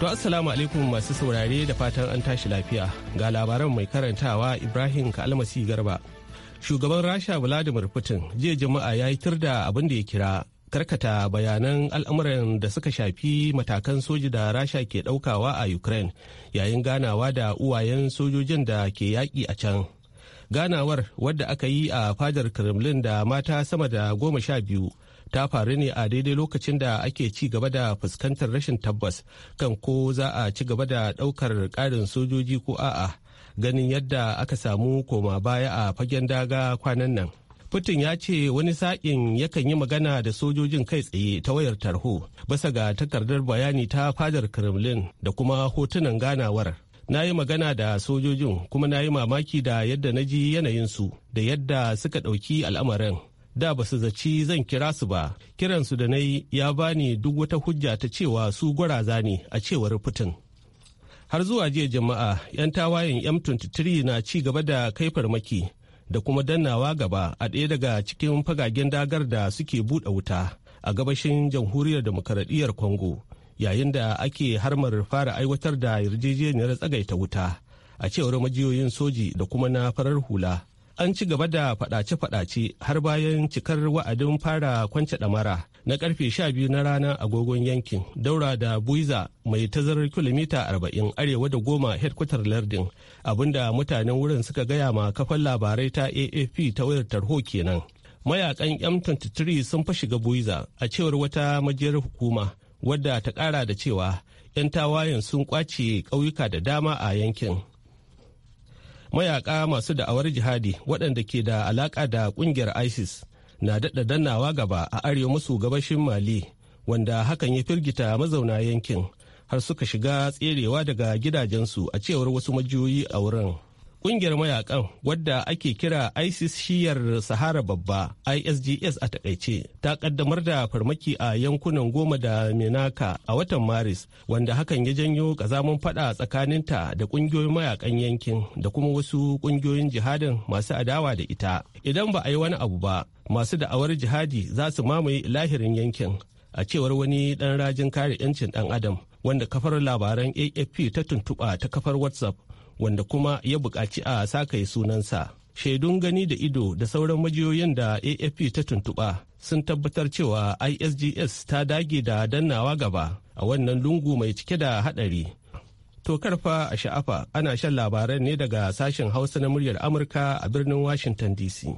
To assalamu alaikum masu saurare da fatan an tashi lafiya ga labaran mai karantawa Ibrahim Kalmasi Garba. Shugaban Rasha Vladimir Putin jiya jama'a ya yi da abin da ya kira karkata bayanan al'amuran da suka shafi matakan soji da Rasha ke daukawa a Ukraine yayin ganawa da uwayen sojojin da ke yaki a can. Ganawar wadda aka yi a fadar Kremlin da mata sama da goma sha biyu. ta faru ne a daidai lokacin da ake ci gaba da fuskantar rashin tabbas kan ko za a ci gaba da ɗaukar ƙarin sojoji ko a'a ganin yadda aka samu koma baya a fagen daga kwanan nan. Putin ya ce wani saƙin yakan yi magana da sojojin kai tsaye ta wayar tarho basa ga takardar bayani ta fadar Kremlin da kuma hotunan ganawar. Na yi magana da sojojin kuma na yi mamaki da yadda na ji yanayinsu da yadda suka ɗauki al'amarin. da ba su zaci zan kira su ba kiransu da na yi ya bani duk wata hujja ta cewa su gwaraza ne a cewar putin har zuwa jiya jama'a 'yan tawayen m23 na ci gaba da kai farmaki da kuma dannawa gaba a ɗaya daga cikin fagagen dagar da suke buɗe wuta a gabashin jamhuriyar demokaradiyyar congo yayin da ake harmar fara aiwatar da yarjejeniyar tsagaita wuta a cewar majiyoyin soji da kuma na farar hula an ci gaba da fadace-fadace har bayan cikar wa'adin fara kwance damara na karfe biyu na rana agogon yankin daura da buiza mai tazarar kilomita arba'in arewa da goma headquarter lardin abinda mutanen wurin suka gaya ma kafan labarai ta AAP ta wayar tarho kenan mayakan m23 sun fa shiga buiza a cewar wata majiyar hukuma wadda ta kara da cewa 'yan tawayen sun kwace ƙauyuka da dama a yankin mayaka masu da'awar jihadi waɗanda ke da alaƙa da ƙungiyar isis na daɗa dannawa gaba a arewa maso gabashin mali wanda hakan ya firgita mazauna yankin har suka shiga tserewa daga gidajensu a cewar wasu majiyoyi a wurin kungiyar mayakan wadda ake kira isis shiyar sahara babba isgs a takaice ta kaddamar da farmaki a yankunan goma da menaka a watan maris wanda hakan ya janyo kazamin fada tsakaninta da kungiyoyin mayakan yankin da kuma wasu kungiyoyin jihadin masu adawa da ita idan ba a yi wani abu ba masu da'awar jihadi za su mamaye lahirin yankin a cewar wani dan rajin kare 'yancin dan adam wanda kafar labaran afp ta tuntuɓa ta kafar whatsapp wanda kuma ya buƙaci a sakaye sunansa shaidun gani da ido da sauran majiyoyin da afp ta tuntuɓa sun tabbatar cewa isgs ta dage da dannawa gaba a wannan lungu mai cike da haɗari to karfa a sha'afa ana shan labaran ne daga sashen hausa na muryar amurka a birnin washington dc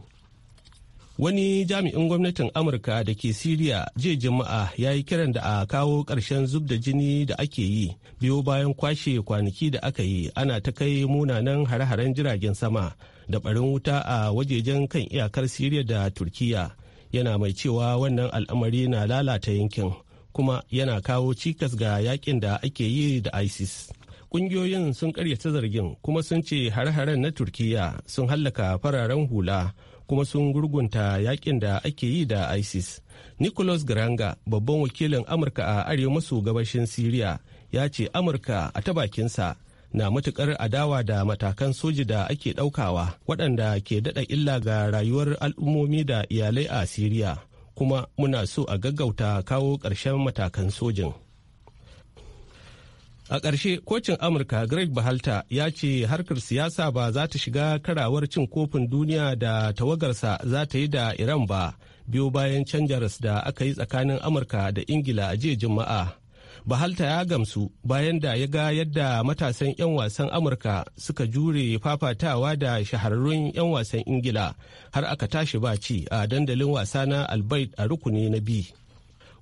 wani jami'in gwamnatin amurka da ke siriya jiya jama'a ya yi kiran da a kawo ƙarshen zub da jini da ake yi biyo bayan kwashe kwanaki da aka yi ana ta kai munanan hare-haren jiragen sama da ɓarin wuta a wajejen kan iyakar siriya da turkiya yana mai cewa wannan al'amari na lalata yankin kuma yana kawo cikas ga yakin da ake yi da isis ƙungiyoyin sun karyata zargin kuma sun ce hare-haren na turkiya sun hallaka fararen hula kuma sun gurgunta yakin da ake yi da isis nicholas granga babban wakilin amurka a arewa maso gabashin syria ya ce amurka a ta bakinsa na matukar adawa da matakan soji da ake daukawa waɗanda ke daɗa illa ga rayuwar al'ummomi da iyalai a siriya kuma muna so a gaggauta kawo ƙarshen matakan sojin A ƙarshe kocin Amurka Greg Bahalta ya ce harkar siyasa ba za ta shiga karawar cin kofin duniya da tawagarsa za ta yi da Iran ba biyo bayan canjaras da aka yi tsakanin Amurka da Ingila a jiya Juma'a. Bahalta ya gamsu bayan da ya ga yadda matasan 'yan wasan Amurka suka jure fafatawa da shahararrun 'yan wasan Ingila har aka tashi ba ci a dandalin wasa na albaid a rukuni na biyu.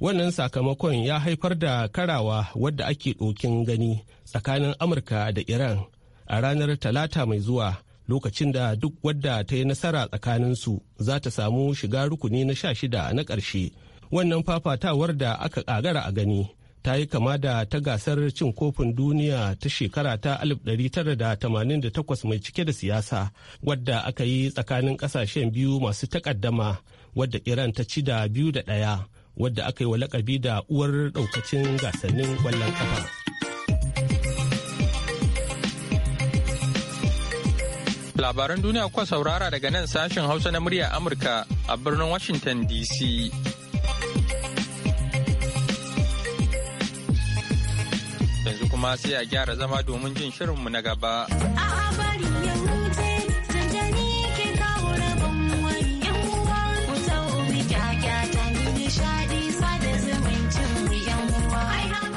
wannan sakamakon ya haifar da karawa wadda ake ɗokin gani tsakanin amurka da iran a ranar talata mai zuwa lokacin da duk wadda ta yi nasara tsakaninsu za ta samu shiga rukuni na sha shida na ƙarshe wannan fafatawar da aka ƙagara a gani ta yi kama da ta gasar cin kofin duniya ta shekara ta 1988 mai cike da siyasa wadda aka yi tsakanin ƙasashen biyu masu takaddama wadda iran ta ci da biyu da ɗaya wadda aka yi wa lakabi da uwar daukacin gasannin kwallon kafa. Labaran duniya kuwa saurara daga nan sashen Hausa na murya Amurka a birnin Washington DC. Yanzu kuma sai a gyara zama domin jin shirinmu na gaba.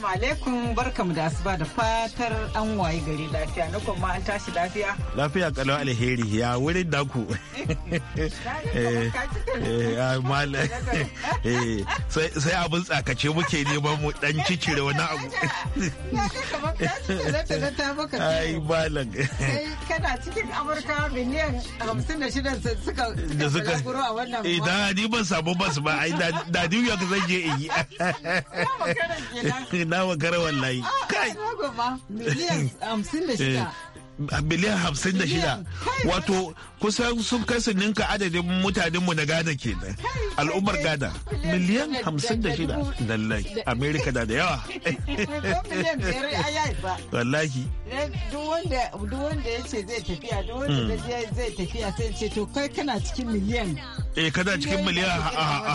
Assalamu alaikum barkamu da asuba da fatar an waye gari lafiya na kuma an tashi lafiya. Lafiya kalau alheri ya wurin daku. Eh, eh, sai abin tsakace muke neman mu dan cicire wani abu. Ai malam. Kana cikin Amurka miliyan hamsin da shida suka guro a wannan. Eh, da ni ban samu bas ba ai da New York zan je in yi. na garawan layi kai miliyan biliyan hamsin da shida wato kusan sun kai su ninka adadin mu na ghana kenan al'ummar ghana miliyan hamsin da shida lallai amerika da da yawa wallahi duk wanda ya ce zai tafiya duk wanda hmm. zai tafiya sai ce to kai kana cikin miliyan eh kana cikin miliyan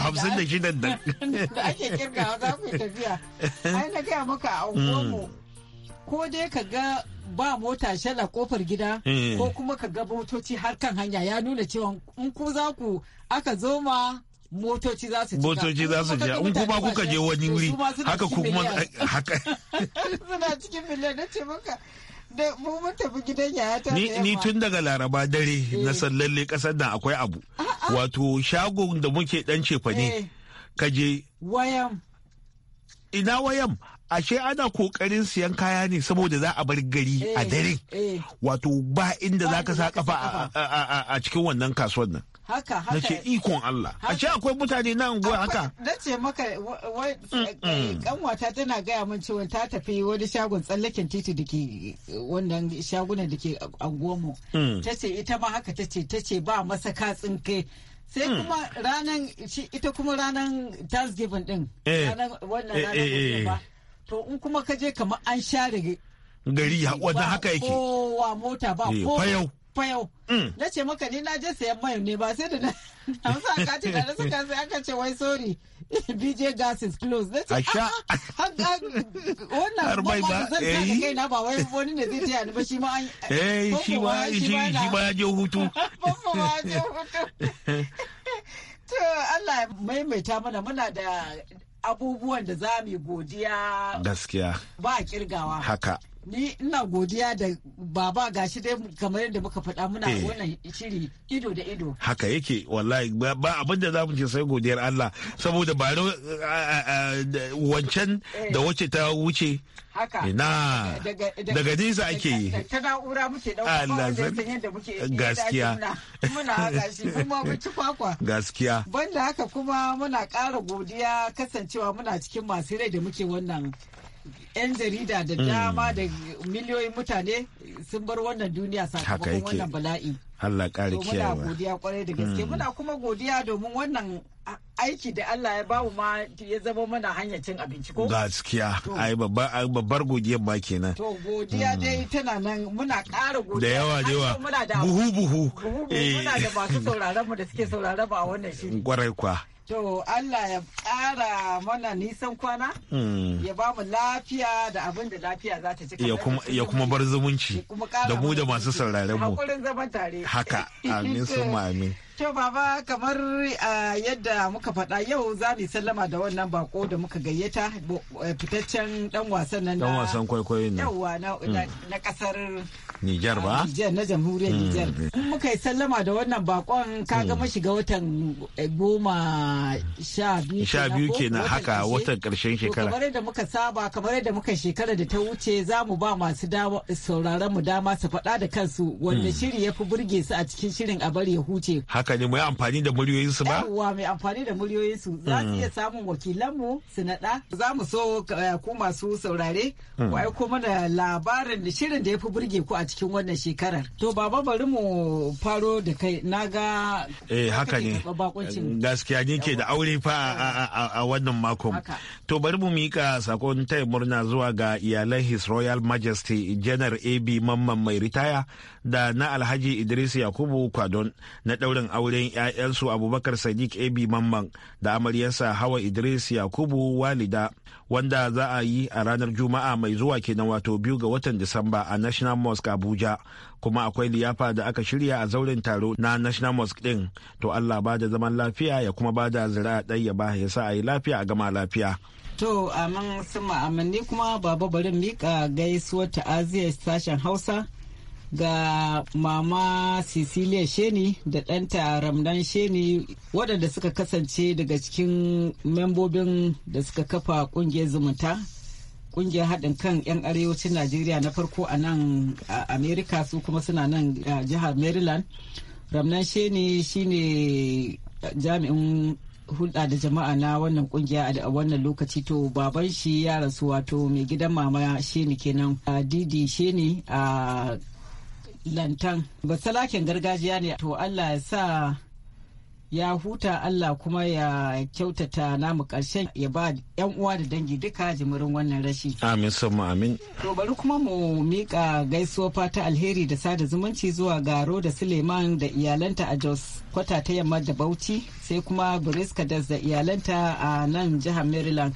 hamsin da shida da ake kirga za ku tafiya ai na gaya maka a unguwarmu hmm. ko dai ka ga ba mota shela kofar gida eh. ko kuma ka ga motoci har kan hanya ya nuna cewa in ku za ku aka zo ma motoci za su motoci za su in kuma kuka je wani wuri haka ku kuma haka suna cikin miliyan na ce maka da mu mun tafi gidan yayata ni ni tun daga laraba dare eh. na sallalle kasar nan akwai abu wato shagon da muke dan cefa ne eh. je. wayam ina wayam ashe ana kokarin siyan kaya ne saboda za a bar gari a eh, dare eh. wato ba inda za ka sa kafa a cikin wannan kasuwar nan haka haka nace ikon Allah ashe akwai mutane nan unguwa haka nace maka mm, eh, mm. kanwata tana gaya min cewa ta tafi wani shagon tsallaken titi da ke wannan shagunan da ke mm. Ta tace ita ma haka tace tace ba masa katsin kai sai kuma ranan ita kuma ranan Thanksgiving din ranan wannan ranan ba to in kuma ka je kamar an share gari wanda haka yake kowa mota ba eh, ko fayau fayau mm. na ce maka ni na je sayan mai ne ba sai da na amsa kati da na suka sai aka ce wai sorry BJ gas is close. na ce a'a ah, ah, ah, wannan ba ba zan eh. kai na ba wai wani ne zai tiya ni ba shi ma an eh shi ma shi ma ya je hutu ma je hutu to Allah maimaita mana muna da abubuwan da za mu godiya gaskiya ba kirgawa haka ni ina godiya da baba gashi dai kamar yadda muka faɗa muna eh. wannan shiri ido da ido haka yake wallahi ba abin da zamu ce sai godiyar Allah saboda ba wancan eh. da wacce ta wuce haka ina daga nesa ake yi ta na'ura muke dauka ba yadda muke gaskiya muna haka shi kuma mu ci kwakwa gaskiya banda haka kuma muna ƙara godiya kasancewa muna cikin masu rai da muke wannan 'yan jarida da hmm. dama da miliyoyin mutane sun bar wannan duniya sakamakon wannan bala'i. Allah ƙara kiyawa. Muna godiya kwarai da gaske. Hmm. Muna kuma godiya domin wannan aiki da Allah ya bamu ma ya zama mana hanyar cin abinci ko? Gaskiya. Ai babbar godiyar ma kenan. To godiya hmm. dai tana nan muna ƙara godiya. Da yawa yawa. Buhu buhu. Buhu buhu. Muna da eh. masu sauraron mu da suke sauraron mu a wannan shiri. Kwarai kwa. To Allah ya ƙara mana nisan kwana, hmm. ya ba mu lafiya da abin da lafiya za ta ci. Ya kuma bar zumunci da mu da masu sauraren mu. Hakurin zaman tare. Haka, amin su amin. To baba kamar yadda muka faɗa yau za mu sallama da wannan bako da muka gayyata eh, fitaccen ɗan wasan nan. Ɗan wasan kwaikwayo ne. Hmm. na ƙasar Nijar ba? Nijar na jamhuriyar hmm. Nijar. muka yi sallama da wannan bakon ka gama hmm. shiga watan eh, goma sha biyu. Sha biyu kenan haka watan karshen shekara. Kamar yadda muka saba kamar yadda muka shekara da ta wuce za mu ba masu sauraron mu dama su faɗa da kansu wanda hmm. shiri ya fi burge su a cikin shirin a bari ya huce. Haka ne mu yi amfani da muryoyinsu ba? Yawwa mai amfani da muryoyinsu za su iya samun wakilanmu su naɗa. Za mu so eh, ku masu saurare ku aiko mana labarin shirin da ya fi burge ku a cikin wannan shekarar. To baba bari mu faro da kai na ga eh, haka ne gaskiya ni ke da aure fa a wannan makon. To bari mu mika sakon taya murna zuwa ga iyalan His Royal Majesty Janar AB Mamman mai ritaya da na Alhaji Idris Yakubu Kwadon na daurin auren 'ya'yansu Abubakar Sadiq AB Mamman da amaryarsa Hawa Idris Yakubu Walida wanda za a yi a ranar Juma'a mai zuwa kenan wato biyu ga watan Disamba a National Mosque abuja kuma akwai liyafa da aka shirya a zauren taro na national mosque din to allah ba da zaman lafiya ya kuma ba da zira ya ba ya sa a yi lafiya a gama lafiya To, amin sama amanni kuma baba bari miƙa gaisuwar ta'aziyar sashen Hausa ga mama Cecilia Sheni da ɗanta Ramdan Sheni waɗanda suka kasance daga cikin membobin da suka kafa ƙungiyar zumunta kungiyar haɗin kan 'yan arewacin najeriya na farko a nan amerika su kuma suna nan jihar maryland ramnan sheni shine jami'in hulɗa da jama'a na wannan kungiya a wannan lokaci to baban shi ya rasu wato mai gidan mama sheni kenan didi sheni a lantan basalakin gargajiya ne to allah ya sa ya huta Allah kuma ya kyautata namu ƙarshen ya ba 'yan uwa da dangi duka jimirin wannan rashi. Amin sama amin. To bari kuma mu miƙa gaisuwa fata alheri da sada zumunci zuwa garo da Suleiman da iyalanta a Jos kwata ta yamma da Bauchi sai kuma Kadas da iyalanta a nan jihar Maryland.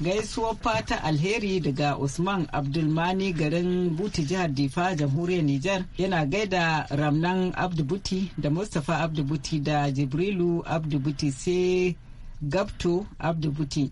gaisuwar fata alheri daga usman abdulmani garin buti jihar difa jamhuriyar niger yana gaida ramnan abdubuti da mustapha abdubuti da jibrilu abdubuti sai gabto abdubuti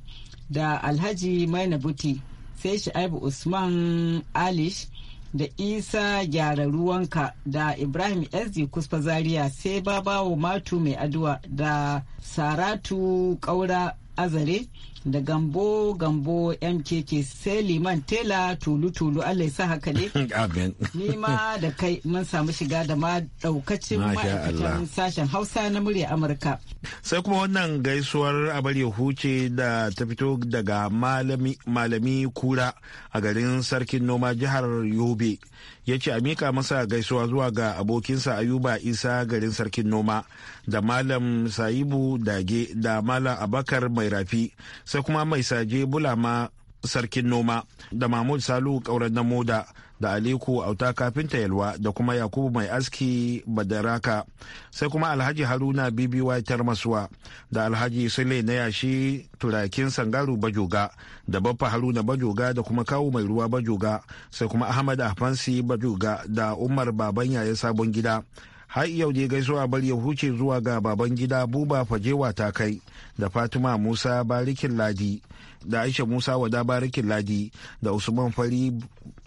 da alhaji maina buti sai sha'ibu usman alish da isa gyara ruwanka da ibrahim sd kusfa zaria sai babawo matu mai addua da saratu kaura azare da gambo gambo mkk sai liman tela tulu tulu allah ya sa haka ne ni ma da kai mun samu shiga da ma daukacin ma'aikatan sashen hausa na murya amurka sai kuma wannan gaisuwar abar huce da ta fito daga malami kura a garin sarkin noma jihar yobe ya ce a mika masa gaisuwa zuwa ga abokinsa ayuba isa garin sarkin noma da malam sa'ibu dage da malam abakar mai rafi sai kuma mai saje bulama sarkin noma da mahmud salu kauran na moda da aliku auta kafinta yalwa da kuma yakubu mai aski badaraka sai kuma alhaji haruna bibiwa masuwa da alhaji sule na yashi turakin sangaru bajoga da baffa haruna bajoga da kuma kawu mai ruwa bajoga sai kuma ahmad afansi bajoga da umar baban yaya sabon gida har yau dai gaisuwa bari ya huce zuwa ga baban gida buba fajewa ta kai da fatima musa barikin ladi da aisha musa wada barikin ladi da usman fari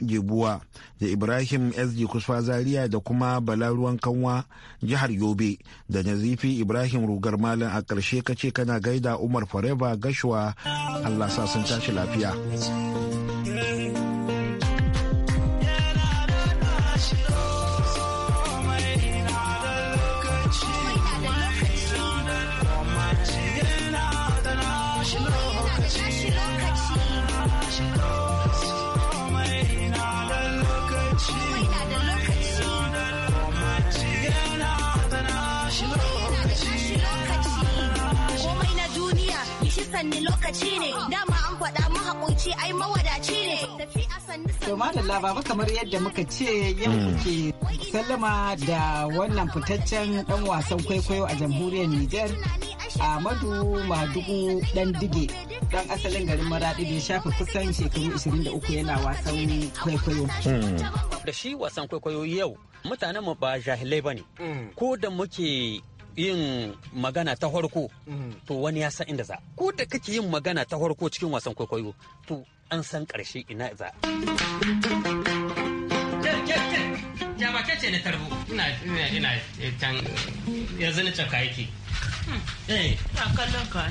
gebuwa da ibrahim sd kusfa zaria da kuma balaruwan kanwa jihar yobe da nazifi ibrahim rugar malam a ƙarshe kace kana gaida umar forever gashuwa allah sa sun tashi lafiya sanni lokaci ne dama an faɗa mu haƙunci ai mawadaci ne to baba kamar yadda muka ce yau mm. ke sallama da wannan fitaccen dan wasan kwaikwayo a jamhuriyar Nijar Ahmadu Madugu dan dige dan asalin garin maradi da ya shafe kusan shekaru 23 yana wasan kwaikwayo. Mm. Da shi wasan kwaikwayo yau mutanen mu ba jahilai bane. Mm. Ko da muke yin magana ta farko mm-hmm. to wani ya san inda za ko da kake yin magana ta farko cikin wasan kwaikwayo to an san karshe ina za jama'a ce na tarbo ina ina eh, can yanzu na caka yake hmm. eh kallon ka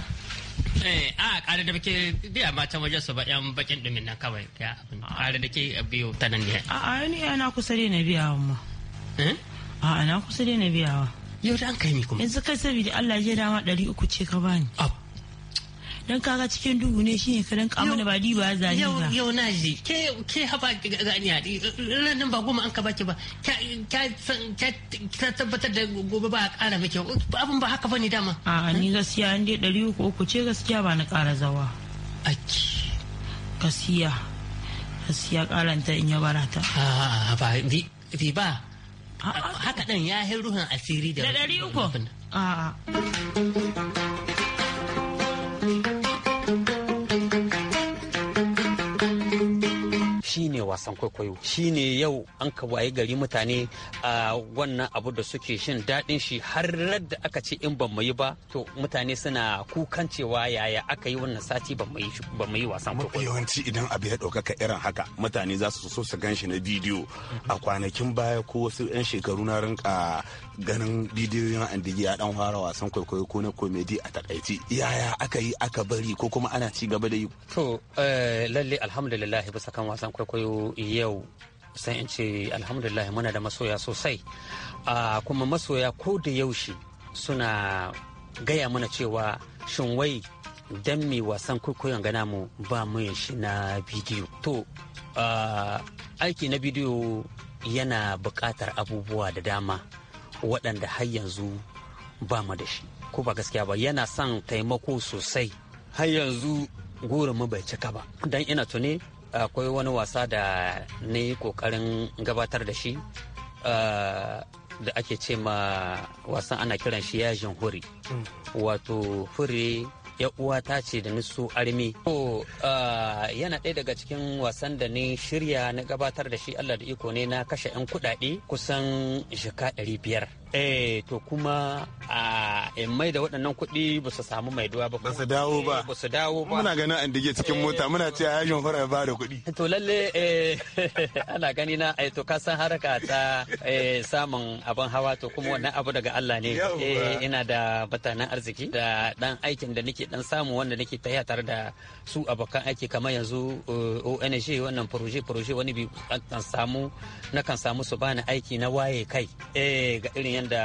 Eh, a ƙara da bake biya ma can wajen su ba yan bakin dumin nan kawai ya ah. ƙara da ke biyo ta nan ne. A ni ana kusa ne na biya ma. Eh? A ana kusa ne na biya wa. yau da an kai mi kuma yanzu kai saboda Allah ya dama ɗari uku ce ka bani dan kaga cikin duhu ne shine ka dan kamana ba di ba zani ba yau na ji ke ke haba gani hadi nan ba goma an ka baki ba ka ka tabbatar da gobe ba a kara miki abin ba haka bane dama a ni gaskiya an dai ɗari uku uku ce gaskiya ba na kara zawa aki gaskiya gaskiya karanta in ya barata ah, a ba bi ba haka ɗin ya yi ruhun asiri da ɗari uku shine wasan kwaikwayo shine yau an ka waye gari mutane a wannan abu da suke shin daɗin shi har da aka ce in ban yi ba to mutane suna kukan cewa yaya aka yi wannan sati ban yi wasan kwaikwayo yawanci idan abu ya ɗaukaka irin haka mutane za su so su gan shi na bidiyo a kwanakin baya ko wasu 'yan shekaru na rinka ganin bidiyoyin andigi ya dan fara wasan kwaikwayo ko na komedi a takaici yaya aka yi aka bari ko kuma ana ci gaba da yi to eh, lalle alhamdulillah bisa kan wasan kwaikwayo yau san in ce alhamdulillah muna da masoya sosai kuma masoya ko da yaushe suna gaya mana cewa shin wai don me wasan kwaikwayon gana mu ba mu shi na bidiyo to aiki na bidiyo yana buƙatar abubuwa da dama waɗanda har yanzu ba mu da shi ko ba gaskiya ba yana son taimako sosai har yanzu gurin mu bai cika ba don ina tuni. akwai wani wasa da ni kokarin gabatar da shi eh, da ake ce ma wasan ana kiran shi yajin huri mm. wato huri ya uwa ce da nisu armi to eh, yana ɗaya daga cikin wasan da ni shirya na gabatar da shi allah da iko ne na kashe 'yan kudade kusan shika 500 eh to kuma a mai da waɗannan kuɗi ba su samu mai duwa ba ba su dawo ba eh, ba su dawo ba muna ganin an dige cikin eh. mota muna ce a yajin fara ba da kuɗi eh, to lalle eh ana gani na eh to ka san haraka ta eh samun abin hawa to kuma wannan abu daga Allah ne eh ina da batanan arziki da dan aikin da nake dan samu wanda nake ya tare da su abokan aiki kamar yanzu ONG wannan proje proje wani bi kan samu na kan samu su bani aiki na waye kai eh ga irin yadda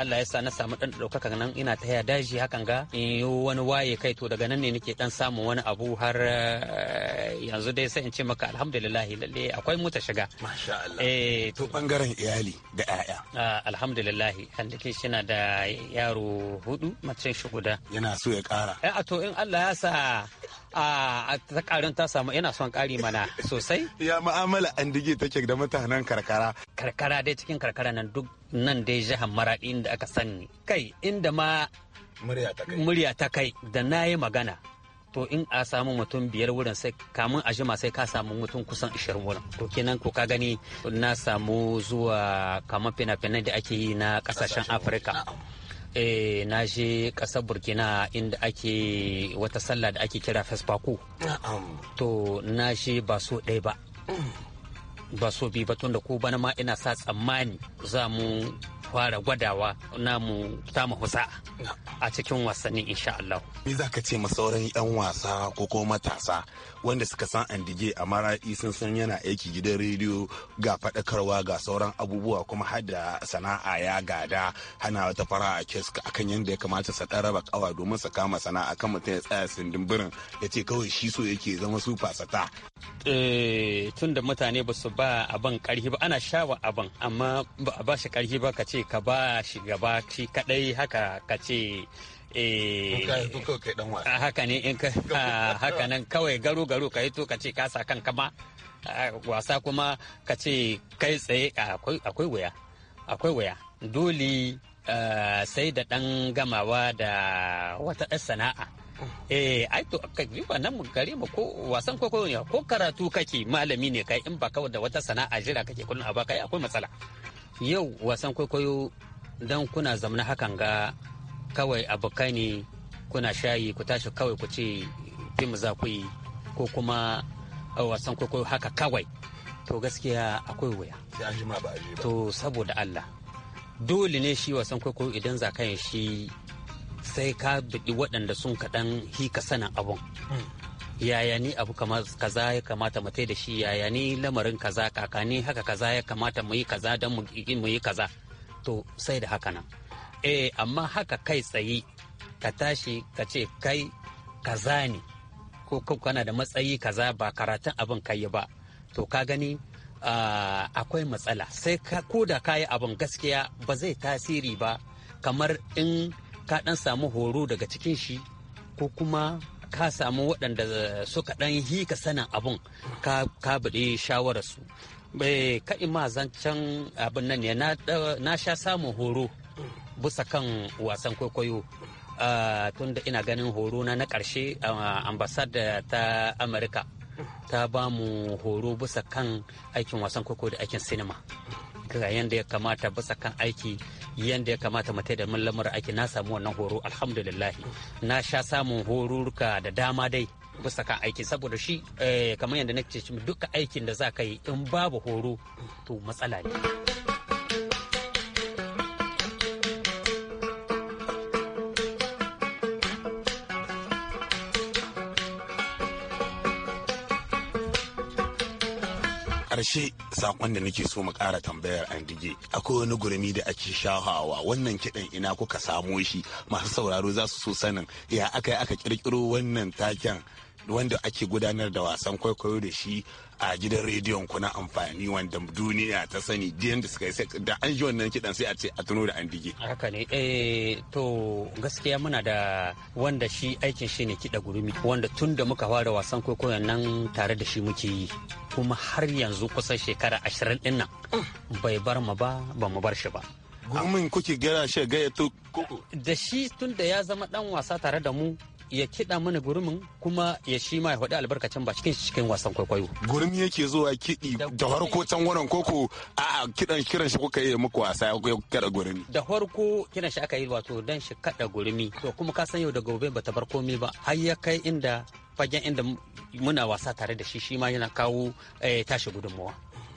Allah ya sa na samu dan ɗaukaka nan ina ta ya daji hakan ga in yi wani waye kai to daga nan ne nake dan samun wani abu har eh, yanzu dai sai in ce maka alhamdulillah lalle akwai mota ta shiga masha Allah eh to bangaren iyali da ƴaƴa alhamdulillah ke shi na da yaro hudu mace shi guda yana so ya kara eh, a to in Allah ya sa a ta karin ta samu yana son kari mana sosai ya mu'amala an dige take da mutanen karkara karkara dai cikin karkara nan duk nan dai jihar maraɗi inda aka sani kai inda ma murya ta kai da na yi magana to in a samu mutum biyar wurin sai kamun a jima sai ka samu mutum kusan ashirin wurin to kenan ko ka gani na samu zuwa kamar fina-finai da ake yi na kasashen afirka eh, na je kasar burkina inda ake wata sallah da ake kira fesfaku to na je ba so ɗaya ba mm. ba so bi ba tunda ko bana ma ina sa tsammani za mu fara gwadawa namu samu husa a cikin wasannin insha Allah. Me za ka ce ma sauran 'yan wasa ko kuma matasa wanda suka san andige a mara'i sun yana aiki gidan rediyo ga faɗakarwa ga sauran abubuwa kuma har da sana'a ya gada hana wata fara a keska akan yadda ya kamata sa ɗan raba kawa domin sa kama sana'a kan mutum ya tsaya sindimbirin ya ce kawai shi so yake zama su fasata. Eh, tun da mutane ba su ba abin karhi ba ana shawa abin amma ba a ba shi karhi ba ka ce ce ka ba shi gaba shi kadai haka ka ce eh, haka haka nan kawai garo garo ka yi to ka ce ka sa kanka wasa kuma ka ce kai tsaye akwai wuya akwai wuya dole sai da dan gamawa da wata ɗan sana'a eh ai to riba nan mu gare mu ko wasan ko ne ko karatu kake malami ne kai in ba kawai da wata sana'a jira kake kullum a kai akwai matsala yau wasan kwaikwayo don kuna zamana hakan ga kawai abokai ne kuna shayi ku tashi kawai ku ce fim za ku yi ko kuma uh, wasan kwaikwayo haka kawai to gaskiya akwai wuya to saboda Allah dole ne shi wasan kwaikwayo idan za ka shi sai ka biɗi waɗanda sun kaɗan hika sanin abun hmm. yaya ni abu kaza ya kamata mu da shi yaya ni lamarin kaza kakani haka kaza ya kamata mu yi kaza don mu yi kaza to sai da haka nan eh amma haka kai tsayi ka tashi ka ce kai kaza ne ko kana da matsayi kaza ba karatun abin kai ba to ka gani akwai matsala sai ko da kayi abin gaskiya ba zai tasiri ba kamar in ka dan samu horo daga cikin shi ko kuma ka samu waɗanda suka ɗan hika sanin abun ka buɗe shawararsu bai ka'i ma zancen abin nan ne na sha samun horo bisa kan wasan kwaikwayo tunda ina ganin horo na na ƙarshe ambasada ta amurka ta ba mu horo bisa kan aikin wasan kwaikwayo da aikin sinima ga yanda ya kamata bisa kan aiki yanda ya kamata mu da mun lamura aiki na samu wannan horo alhamdulillah na sha samun horuruka da dama dai bisa kan aiki saboda shi eh, kamar yadda na ce duka aikin da za ka yi in babu horo to matsala ne karshe sakon da nake so mu kara tambayar an dige akwai wani gurmi da ake shahawa wannan kiɗan ina kuka samo shi masu sauraro za su so sanin ya aka yi aka ƙirƙiro wannan taken wanda ake gudanar da wasan kwaikwayo da shi a gidan rediyon ku na amfani wanda duniya ta sani da suka yi da an ji wannan kidan sai a ce a tuno da an dige haka ne eh to gaskiya muna da wanda shi aikin shi ne kida gurumi wanda tun da muka fara wasan kwaikwayo nan tare da shi muke yi kuma har yanzu kusan shekara ashirin din nan bai bar mu ba ba mu bar shi ba gurumin kuke gara shi gaya to koko da shi tun da ya zama dan wasa tare da mu ya kiɗa mana gurumin kuma ya shi ma ya faɗi albarkacin ba cikin cikin wasan kwaikwayo. Gurumi yake zuwa kiɗi da farko can wannan koko a kiɗan kiran shi kuka yi muku wasa ya kaɗa gurumi. Da farko kiran shi aka yi wato dan shi kaɗa gurumi to kuma ka san yau da gobe bata bar komai ba har ya kai inda fagen inda muna wasa tare da shi shi ma yana kawo eh, tashi gudunmawa.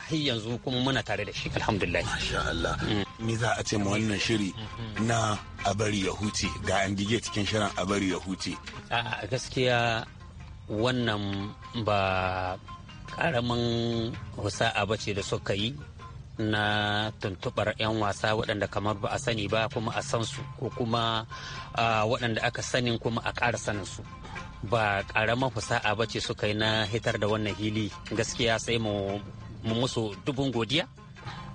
har yanzu kuma muna tare da shi alhamdulillah masha Allah mm. me za a ce mu wannan shiri na a bari ya huce ga an gige cikin shirin a bari ya huce a gaskiya wannan ba karamin husa'a ba ce da suka yi na tuntubar 'yan wasa waɗanda kamar ba a sani ba kuma a san su ko kuma waɗanda aka sani kuma a ƙara sanin su ba ƙaramin fusa'a ba ce suka yi na hitar da wannan hili gaskiya sai mu mu musu dubun godiya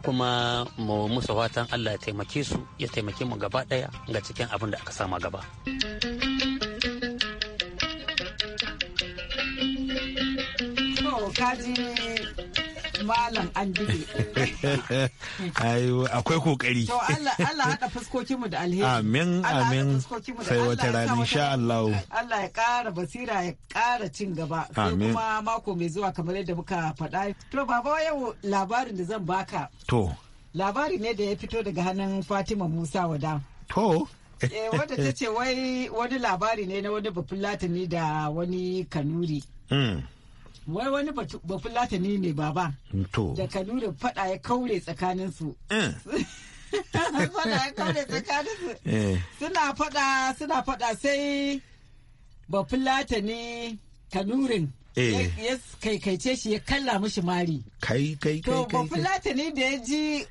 kuma mu musu fatan Allah ya taimake su ya taimake mu gaba daya ga cikin abin da aka sama gaba. Oh, malam an dige akwai kokari to Allah Allah hada fuskokinmu da alheri amin amin sai wata rana insha Allah Allah ya kara basira ya kara cin gaba sai kuma mako mai zuwa kamar yadda muka faɗa to baba yau labarin da zan baka to labari ne da ya fito daga hannun Fatima Musa wada to eh, wadda ta ce wai wani labari ne na wani bafulatani da wani kanuri hmm. wai wani latani ne baba da kanuri fada ya kaure tsakanin su eh. ya eh. suna fada suna fada sai latani kanurin eh. ya kaikaice shi ya kalla mishi mari kai kai kai to latani da ya ji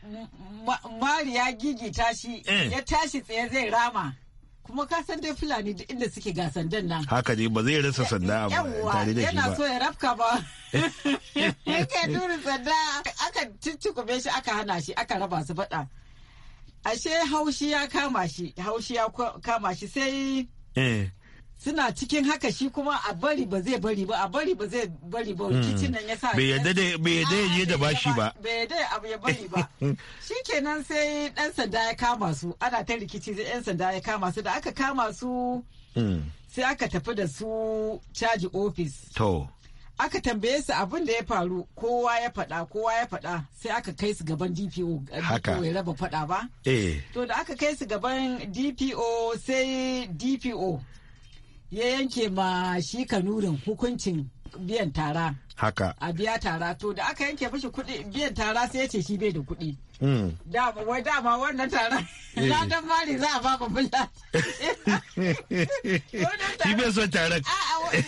mari ya gigita shi ya tashi tsaye zai rama kuma ka san dai fulani duk inda suke ga sandan nan haka ne ba zai rasa sanda ba tare da shi ba yana so ya rafka ba yake durin sanda aka ciccikume shi aka hana shi aka raba su faɗa ashe haushi ya kama shi haushi ya kama shi sai eh. suna cikin haka shi kuma a bari ba zai bari ba a bari ba zai bari ba rikicin hmm. nan ya sa bai yadda da bai yadda ya je da ah, bashi ba bai yadda abu ya bari ba shikenan sai dan sanda ya kama su ana ta rikici sai yan sanda ya kama su da aka kama su hmm. sai aka tafi da su caji office to aka tambaye su abin da ya faru kowa ya faɗa kowa ya faɗa sai aka kai su gaban dpo eh, haka ya raba faɗa ba eh. to da aka kai su gaban dpo sai dpo ya yanke ma shi kanurin hukuncin biyan tara haka a biya tara to da aka yanke mashi kuɗi biyan tara sai ya ce shi bai da kuɗi hmm. wai dama wannan tara eh. na dan mari za a ba mu bulla shi bai son tara." a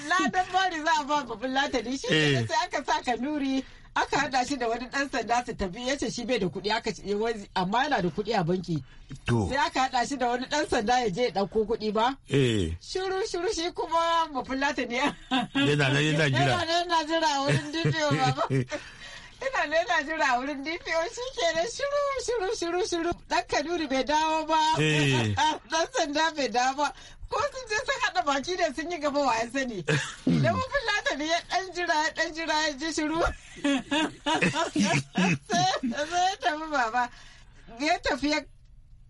ladan mari za a ba mu bulla ta ne shi eh. sai aka sa kanuri aka hada shi da wani dan sanda su tafi yace shi bai da kuɗi aka ce amma yana da kuɗi a banki to sai aka hada shi da wani dan sanda ya je ya dauko kuɗi ba eh shiru shiru shi kuma mafulata ne yana nan yana jira yana nan jira wurin dindiyo baba ina ne na jira a wurin DPO shi ke da shiru shiru shiru shiru dan Kaduri bai dawo ba eh. dan sanda bai dawo ba ko su da baki da sun yi gaba wa ya sani. Idan mun fulata ne ya ɗan jira ya ɗan jira ya ji shiru. Sai ya tafi baba. Ya tafi ya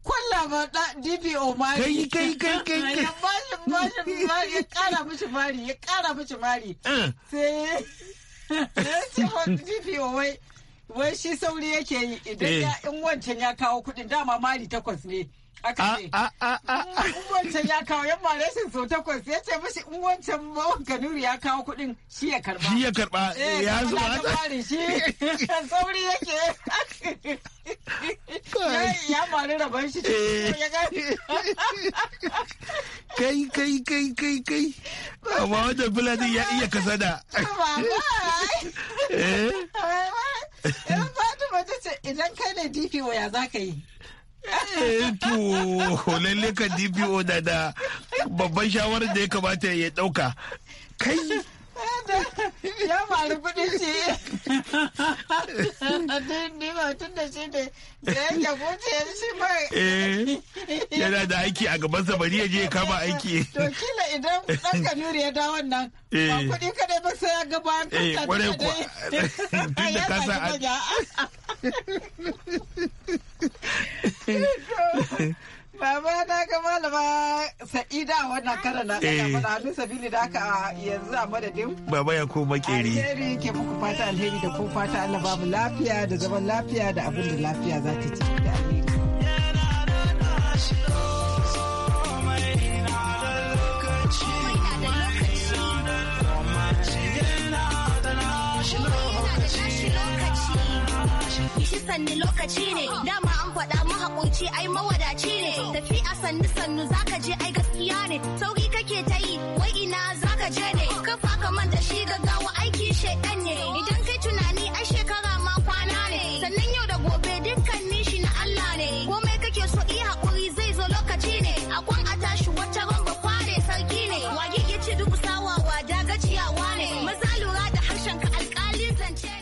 kwalla ba da DPO mari. Kai kai kai kai. Ya bashi bashi mari ya ƙara mishi mari ya ƙara mishi mari. Eh. Sai ya ce wa DPO wai wai shi sauri yake yi idan eh. ya in wancan ya kawo kuɗin dama mari takwas ne. aka ah, ce ah, ah, mm, wancan ya kawo yan ba rashin so takwas ya ce mashi in wancan mawan kanuri ya kawo kuɗin shi ya karba shi ya karba eh, eh, ya zo a tsarin shi sauri yake ya mari rabon shi eh. kai kai kai kai kai amma wajen fulani ya iya kasada idan kai ne dp waya za ka yi Eh, to lalle ka dpo na da babban shawarar da ya kamata ya dauka kai ya faru kudi shi ni ba tun da shi da ya kuce shi ba eh, yana da aiki a gaban sa bari ya je kama aiki to kila idan dan nuri ya da wannan ba eh. kudi kada ba sai ya ga bayan kanka kwarai kuwa tun da ka Baba na ga malama sa'ida wannan karan na ɗaya eh. mana halin sabili da aka yanzu a madadin. Baba ya koma makeri. Alheri ke muku fata alheri da ko fata Allah babu lafiya da zaman lafiya da abin da lafiya za ta ci Yana da lokaci. sannu lokaci ne dama an faɗa mahaƙunci ai mawadaci ne tafi a sannu sannu zaka je ai gaskiya ne sauki kake ta yi wai ina zaka je ne kafa ka manta shi gaggawa aiki shaidan ne idan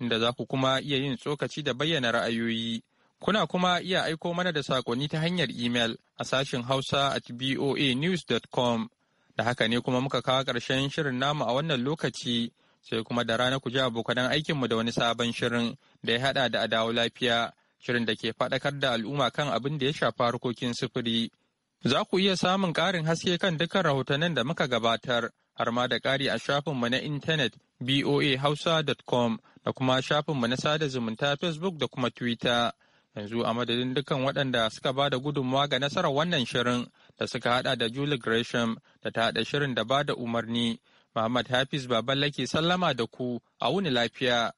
inda za ku kuma iya yin tsokaci da bayyana ra'ayoyi. Kuna kuma iya aiko mana da saƙonni ta hanyar imel a sashen Hausa at voanews.com. Da haka ne kuma muka kawo ƙarshen shirin namu a wannan lokaci, sai kuma da rana ku ji abokanan aikinmu da wani sabon shirin da ya haɗa da adawo lafiya, shirin da ke faɗakar da al'umma kan abin da ya shafa harkokin sufuri. Za ku iya samun ƙarin haske kan dukkan rahotannin da muka gabatar, har ma da ƙari a shafinmu na intanet boahausa.com da kuma shafin mu na sada zumunta Facebook da kuma Twitter. Yanzu a madadin dukkan waɗanda suka ba da gudunmawa ga nasarar wannan shirin da suka hada da Julie Gresham da ta haɗa shirin da ba da umarni. Muhammad Hafiz Baballa ke sallama da ku a wuni lafiya.